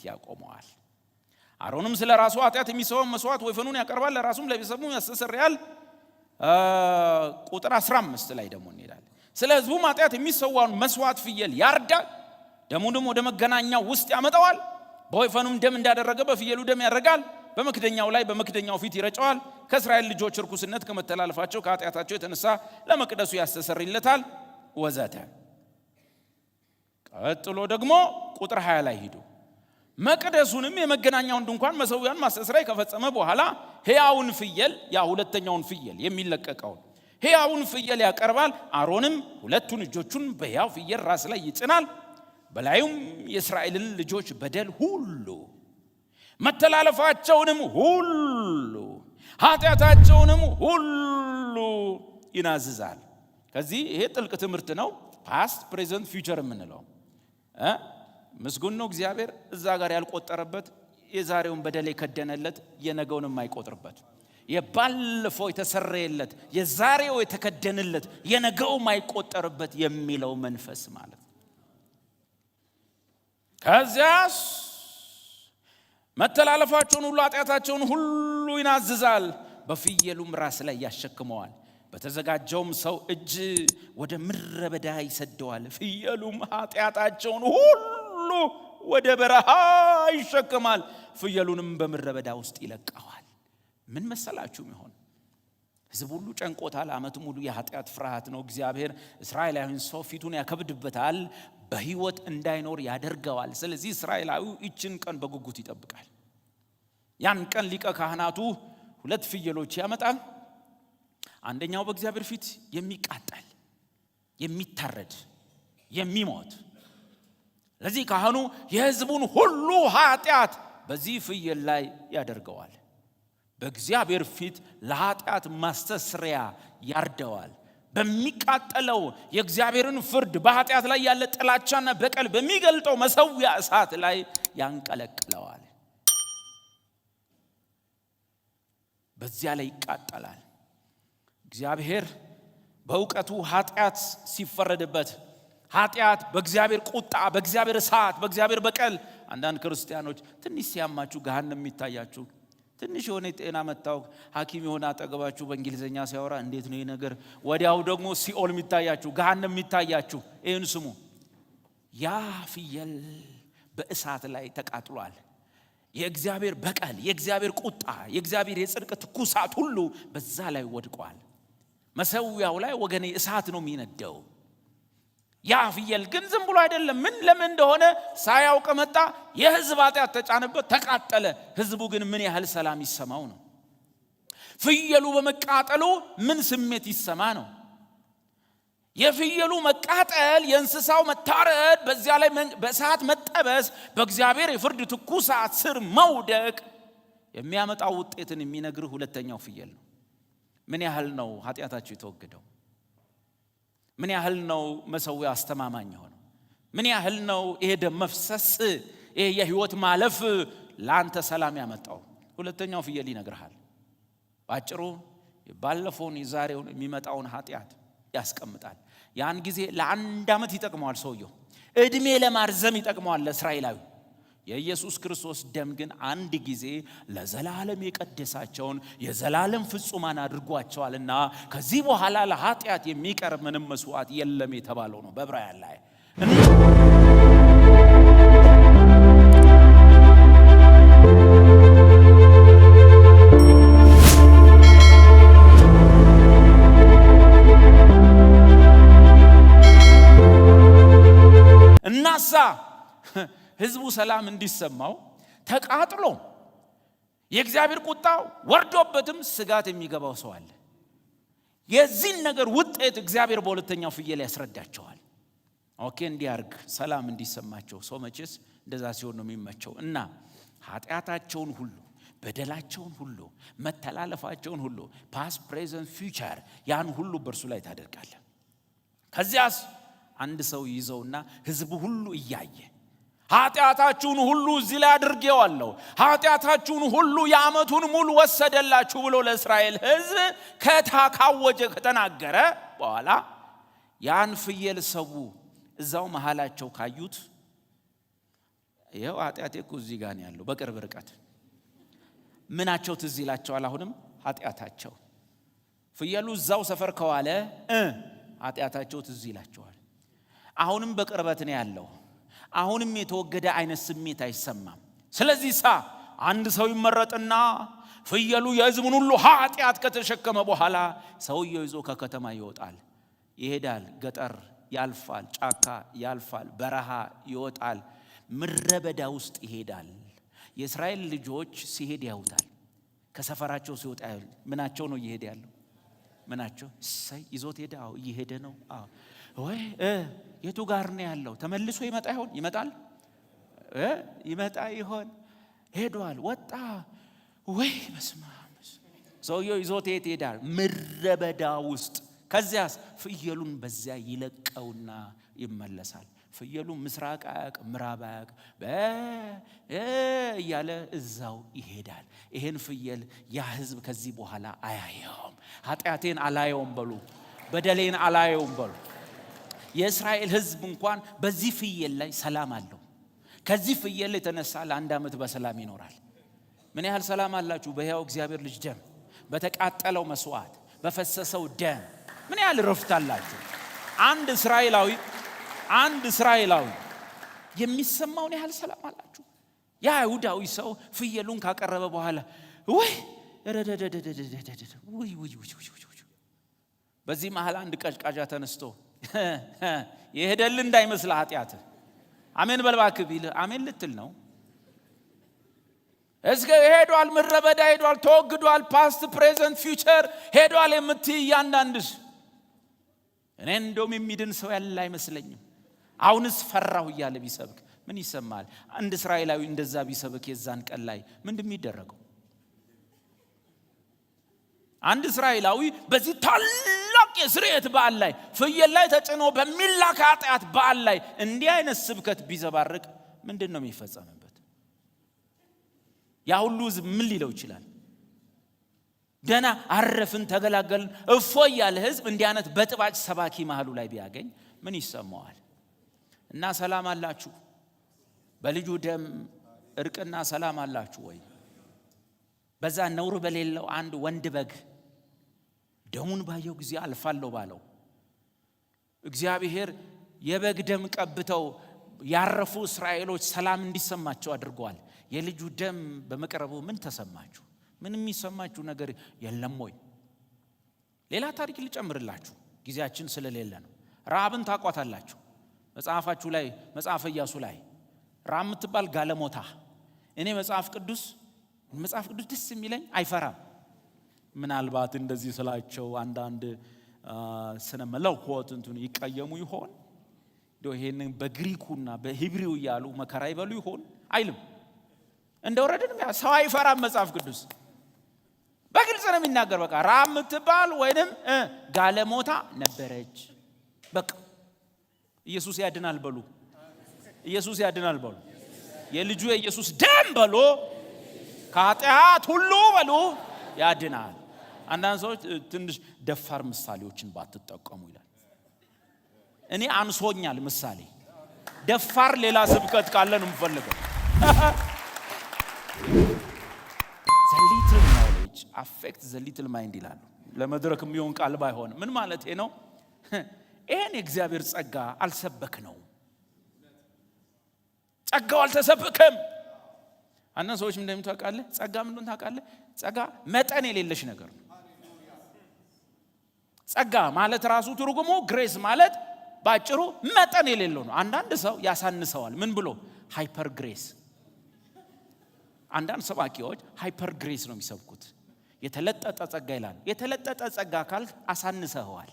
ፊት ያቆመዋል። አሮንም ስለ ራሱ ኃጢአት የሚሰውን መስዋዕት ወይፈኑን ያቀርባል፣ ለራሱም ለቤተሰቡ ያስተሰርያል። ቁጥር 15 ላይ ደግሞ እንሄዳለን። ስለ ሕዝቡም ኃጢአት የሚሰዋውን መስዋዕት ፍየል ያርዳል፣ ደሙንም ወደ መገናኛው ውስጥ ያመጣዋል። በወይፈኑም ደም እንዳደረገ በፍየሉ ደም ያደርጋል፣ በመክደኛው ላይ በመክደኛው ፊት ይረጨዋል። ከእስራኤል ልጆች እርኩስነት ከመተላለፋቸው ከኃጢአታቸው የተነሳ ለመቅደሱ ያስተሰርይለታል፣ ወዘተ። ቀጥሎ ደግሞ ቁጥር 20 ላይ ሂዱ መቅደሱንም የመገናኛውን ድንኳን መሠዊያን ማስተስሪያ ከፈጸመ በኋላ ሕያውን ፍየል ያ ሁለተኛውን ፍየል የሚለቀቀውን ሕያውን ፍየል ያቀርባል። አሮንም ሁለቱን እጆቹን በሕያው ፍየል ራስ ላይ ይጭናል። በላዩም የእስራኤልን ልጆች በደል ሁሉ መተላለፋቸውንም ሁሉ ኃጢአታቸውንም ሁሉ ይናዝዛል። ከዚህ ይሄ ጥልቅ ትምህርት ነው። ፓስት ፕሬዘንት ፊውቸር የምንለው ምስጉን ነው እግዚአብሔር እዛ ጋር ያልቆጠረበት የዛሬውን በደል የከደነለት የነገውን የማይቆጥርበት የባለፈው የተሰረየለት የዛሬው የተከደንለት የነገው የማይቆጠርበት የሚለው መንፈስ ማለት ከዚያስ መተላለፋቸውን ሁሉ ኃጢአታቸውን ሁሉ ይናዝዛል፣ በፍየሉም ራስ ላይ ያሸክመዋል፣ በተዘጋጀውም ሰው እጅ ወደ ምረበዳ ይሰደዋል። ፍየሉም ኃጢአታቸውን ሁሉ ሁሉ ወደ በረሃ ይሸከማል፣ ፍየሉንም በምድረ በዳ ውስጥ ይለቀዋል። ምን መሰላችሁ ይሆን? ህዝብ ሁሉ ጨንቆታል። ዓመት ሙሉ የኃጢአት ፍርሃት ነው። እግዚአብሔር እስራኤላዊን ሰው ፊቱን ያከብድበታል፣ በህይወት እንዳይኖር ያደርገዋል። ስለዚህ እስራኤላዊው ይችን ቀን በጉጉት ይጠብቃል። ያን ቀን ሊቀ ካህናቱ ሁለት ፍየሎች ያመጣል። አንደኛው በእግዚአብሔር ፊት የሚቃጠል የሚታረድ የሚሞት ለዚህ ካህኑ የህዝቡን ሁሉ ኃጢአት በዚህ ፍየል ላይ ያደርገዋል። በእግዚአብሔር ፊት ለኃጢአት ማስተስሪያ ያርደዋል። በሚቃጠለው የእግዚአብሔርን ፍርድ በኃጢአት ላይ ያለ ጥላቻና በቀል በሚገልጠው መሰዊያ እሳት ላይ ያንቀለቅለዋል። በዚያ ላይ ይቃጠላል። እግዚአብሔር በእውቀቱ ኃጢአት ሲፈረድበት ኃጢአት፣ በእግዚአብሔር ቁጣ፣ በእግዚአብሔር እሳት፣ በእግዚአብሔር በቀል አንዳንድ ክርስቲያኖች ትንሽ ሲያማችሁ ገሃነም የሚታያችሁ ትንሽ የሆነ የጤና መታወክ ሐኪም የሆነ አጠገባችሁ በእንግሊዝኛ ሲያወራ እንዴት ነው ይህ ነገር? ወዲያው ደግሞ ሲኦል የሚታያችሁ ገሃነም የሚታያችሁ። ይህን ስሙ። ያ ፍየል በእሳት ላይ ተቃጥሏል። የእግዚአብሔር በቀል፣ የእግዚአብሔር ቁጣ፣ የእግዚአብሔር የጽድቅ ትኩሳት ሁሉ በዛ ላይ ወድቋል። መሰዊያው ላይ ወገኔ እሳት ነው የሚነደው። ያ ፍየል ግን ዝም ብሎ አይደለም። ምን ለምን እንደሆነ ሳያውቅ መጣ። የህዝብ ኃጢአት ተጫነበት፣ ተቃጠለ። ህዝቡ ግን ምን ያህል ሰላም ይሰማው ነው። ፍየሉ በመቃጠሉ ምን ስሜት ይሰማ ነው። የፍየሉ መቃጠል፣ የእንስሳው መታረድ፣ በዚያ ላይ በሰዓት መጠበስ፣ በእግዚአብሔር የፍርድ ትኩሳት ስር መውደቅ የሚያመጣው ውጤትን የሚነግርህ ሁለተኛው ፍየል ነው። ምን ያህል ነው ኃጢአታቸው የተወገደው? ምን ያህል ነው መሰዊያ አስተማማኝ የሆነው? ምን ያህል ነው ይሄ ደም መፍሰስ፣ ይሄ የህይወት ማለፍ ለአንተ ሰላም ያመጣው? ሁለተኛው ፍየል ይነግርሃል። ባጭሩ ባለፈውን፣ የዛሬውን፣ የሚመጣውን ኃጢአት ያስቀምጣል። ያን ጊዜ ለአንድ ዓመት ይጠቅመዋል። ሰውየው እድሜ ለማርዘም ይጠቅመዋል ለእስራኤላዊ የኢየሱስ ክርስቶስ ደም ግን አንድ ጊዜ ለዘላለም የቀደሳቸውን የዘላለም ፍጹማን አድርጓቸዋልና ከዚህ በኋላ ለኃጢአት የሚቀርብ ምንም መስዋዕት የለም የተባለው ነው በብራያን ላይ ሰላም እንዲሰማው ተቃጥሎ የእግዚአብሔር ቁጣ ወርዶበትም ስጋት የሚገባው ሰው አለ። የዚህን ነገር ውጤት እግዚአብሔር በሁለተኛው ፍየል ያስረዳቸዋል። ኦኬ እንዲያርግ ሰላም እንዲሰማቸው ሰው መቼስ እንደዛ ሲሆን ነው የሚመቸው እና ኃጢአታቸውን ሁሉ በደላቸውን ሁሉ መተላለፋቸውን ሁሉ ፓስ ፕሬዘንት ፊቸር ያን ሁሉ በእርሱ ላይ ታደርጋለ። ከዚያስ አንድ ሰው ይዘውና ህዝቡ ሁሉ እያየ ኃጢአታችሁን ሁሉ እዚህ ላይ አድርጌዋለሁ፣ ኃጢአታችሁን ሁሉ የአመቱን ሙሉ ወሰደላችሁ ብሎ ለእስራኤል ህዝብ ከታ ካወጀ ከተናገረ በኋላ ያን ፍየል ሰው እዛው መሃላቸው ካዩት ይኸው ኃጢአቴ እኮ እዚህ ጋር ያለው። በቅርብ ርቀት ምናቸው ትዝ ይላቸዋል። አሁንም ኃጢአታቸው ፍየሉ እዛው ሰፈር ከዋለ ኃጢአታቸው ትዝ ይላቸዋል። አሁንም በቅርበት ነው ያለው አሁንም የተወገደ አይነት ስሜት አይሰማም። ስለዚህ ሳ አንድ ሰው ይመረጥና ፍየሉ የሕዝቡን ሁሉ ኃጢአት ከተሸከመ በኋላ ሰውየው ይዞ ከከተማ ይወጣል፣ ይሄዳል፣ ገጠር ያልፋል፣ ጫካ ያልፋል፣ በረሃ ይወጣል፣ ምድረ በዳ ውስጥ ይሄዳል። የእስራኤል ልጆች ሲሄድ ያዩታል። ከሰፈራቸው ሲወጣ ምናቸው ነው እየሄደ ያለው ምናቸው? ይዞት ሄደ፣ አዎ እየሄደ ነው። አዎ ወይ የቱ ጋር ነው ያለው? ተመልሶ ይመጣ ይሆን? ይመጣል ይመጣ ይሆን? ሄዷል፣ ወጣ ወይ? በስመ አብ! ሰውየው ይዞት የት ይሄዳል? ምድረ በዳ ውስጥ። ከዚያስ ፍየሉን በዚያ ይለቀውና ይመለሳል። ፍየሉ ምስራቅ አያቅ ምዕራብ አያቅ እያለ እዛው ይሄዳል። ይሄን ፍየል ያ ህዝብ ከዚህ በኋላ አያየውም። ኃጢአቴን አላየውም በሉ፣ በደሌን አላየውም በሉ የእስራኤል ህዝብ እንኳን በዚህ ፍየል ላይ ሰላም አለው። ከዚህ ፍየል የተነሳ ለአንድ ዓመት በሰላም ይኖራል። ምን ያህል ሰላም አላችሁ? በሕያው እግዚአብሔር ልጅ ደም፣ በተቃጠለው መስዋዕት፣ በፈሰሰው ደም ምን ያህል ረፍት አላችሁ? አንድ እስራኤላዊ አንድ እስራኤላዊ የሚሰማውን ያህል ሰላም አላችሁ? የአይሁዳዊ ሰው ፍየሉን ካቀረበ በኋላ ወይ ረደደደደደደደ ውይ ውይ ውይ። በዚህ መሃል አንድ ቀዥቃዣ ተነስቶ የሄደል እንዳይመስል ኃጢአት አሜን በልባክ ቢል አሜን ልትል ነው። እስከ ሄዷል፣ ምረበዳ ሄዷል፣ ተወግዷል። ፓስት ፕሬዘንት ፊውቸር ሄዷል የምትይ እያንዳንድስ እኔ እንደውም የሚድን ሰው ያለ አይመስለኝም። አሁንስ ፈራሁ እያለ ቢሰብክ ምን ይሰማል? አንድ እስራኤላዊ እንደዛ ቢሰብክ የዛን ቀን ላይ ምንድ የሚደረገው? አንድ እስራኤላዊ በዚህ ታላቅ የስርየት በዓል ላይ ፍየል ላይ ተጭኖ በሚላክ ኃጢአት በዓል ላይ እንዲህ አይነት ስብከት ቢዘባርቅ ምንድን ነው የሚፈጸምበት? ያ ሁሉ ምን ሊለው ይችላል? ደና አረፍን፣ ተገላገልን፣ እፎ እያለ ህዝብ እንዲህ አይነት በጥባጭ ሰባኪ መሃሉ ላይ ቢያገኝ ምን ይሰማዋል? እና ሰላም አላችሁ፣ በልጁ ደም እርቅና ሰላም አላችሁ ወይ? በዛ ነውር በሌለው አንድ ወንድ በግ ደሙን ባየው ጊዜ አልፋለሁ ባለው እግዚአብሔር የበግ ደም ቀብተው ያረፉ እስራኤሎች ሰላም እንዲሰማቸው አድርገዋል። የልጁ ደም በመቅረቡ ምን ተሰማችሁ? ምን የሚሰማችሁ ነገር የለም ወይ? ሌላ ታሪክ ልጨምርላችሁ፣ ጊዜያችን ስለሌለ ነው። ረሃብን ታቋታላችሁ። መጽሐፋችሁ ላይ መጽሐፍ እያሱ ላይ ራብ የምትባል ጋለሞታ እኔ መጽሐፍ ቅዱስ መጽሐፍ ቅዱስ ደስ የሚለኝ አይፈራም። ምናልባት እንደዚህ ስላቸው አንዳንድ ስነ መለኮት እንትን ይቀየሙ ይሆን ይሄንን በግሪኩና በሂብሪው እያሉ መከራ ይበሉ ይሆን አይልም። ያ ሰው አይፈራም። መጽሐፍ ቅዱስ በግልጽ ነው የሚናገር። በቃ ራም የምትባል ወይንም ጋለሞታ ነበረች። በቃ ኢየሱስ ያድናል በሉ፣ ኢየሱስ ያድናል በሉ፣ የልጁ የኢየሱስ ደም በሎ ከኃጢአት ሁሉ በሉ ያድናል። አንዳንድ ሰዎች ትንሽ ደፋር ምሳሌዎችን ባትጠቀሙ ይላል። እኔ አንሶኛል ምሳሌ ደፋር ሌላ ስብከት ካለ ነው የምፈልገው። ሊትል ናውሌጅ አፌክት ዘሊትል ማይንድ ይላሉ። ለመድረክ የሚሆን ቃል ባይሆን ምን ማለት ነው? ይህን የእግዚአብሔር ጸጋ አልሰበክ ነው። ጸጋው አልተሰብክም። አንዳንድ ሰዎችም እንደምታውቃለህ ጸጋ ምንድን ታውቃለህ? ጸጋ መጠን የሌለሽ ነገር ነው። ጸጋ ማለት ራሱ ትርጉሙ ግሬስ ማለት ባጭሩ መጠን የሌለው ነው። አንዳንድ ሰው ያሳንሰዋል። ምን ብሎ ሃይፐር ግሬስ። አንዳንድ ሰባኪዎች ሃይፐር ግሬስ ነው የሚሰብኩት። የተለጠጠ ጸጋ ይላል። የተለጠጠ ጸጋ ካልክ አሳንሰኸዋል።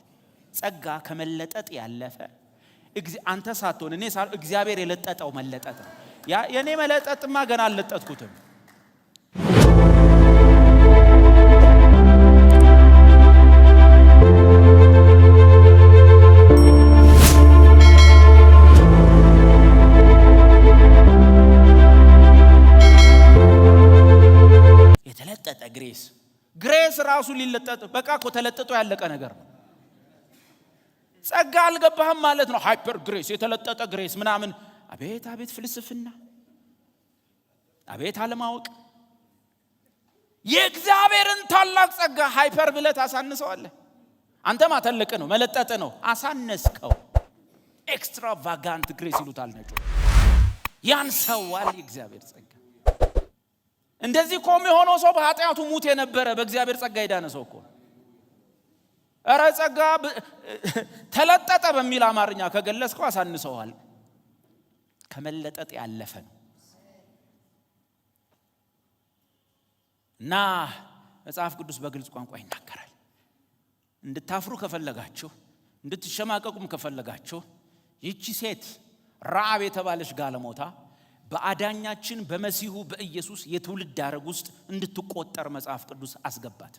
ጸጋ ከመለጠጥ ያለፈ አንተ ሳትሆን እኔ እግዚአብሔር የለጠጠው መለጠጥ ነው። የእኔ መለጠጥማ ገና አልለጠጥኩትም። የተለጠጠ ግሬስ ግሬስ ራሱ ሊለጠጥ በቃ እኮ ተለጥጦ ያለቀ ነገር ነው። ጸጋ አልገባህም ማለት ነው። ሃይፐር ግሬስ የተለጠጠ ግሬስ ምናምን አቤት አቤት ፍልስፍና፣ አቤት አለማወቅ። የእግዚአብሔርን ታላቅ ጸጋ ሃይፐር ብለህ ታሳንሰዋለህ። አንተ ማተልቅ ነው መለጠጥ ነው አሳነስከው። ኤክስትራቫጋንት ግሬስ ይሉታል ነጩ። ያን ሰዋል የእግዚአብሔር ጸጋ። እንደዚህ ኮም የሆነው ሰው በኃጢአቱ ሙት የነበረ በእግዚአብሔር ጸጋ የዳነ ሰው እኮ ረ ጸጋ ተለጠጠ በሚል አማርኛ ከገለጽከው አሳንሰዋል። ከመለጠጥ ያለፈ ነው እና መጽሐፍ ቅዱስ በግልጽ ቋንቋ ይናገራል። እንድታፍሩ ከፈለጋችሁ፣ እንድትሸማቀቁም ከፈለጋችሁ ይቺ ሴት ረአብ የተባለች ጋለሞታ በአዳኛችን በመሲሁ በኢየሱስ የትውልድ ሐረግ ውስጥ እንድትቆጠር መጽሐፍ ቅዱስ አስገባት።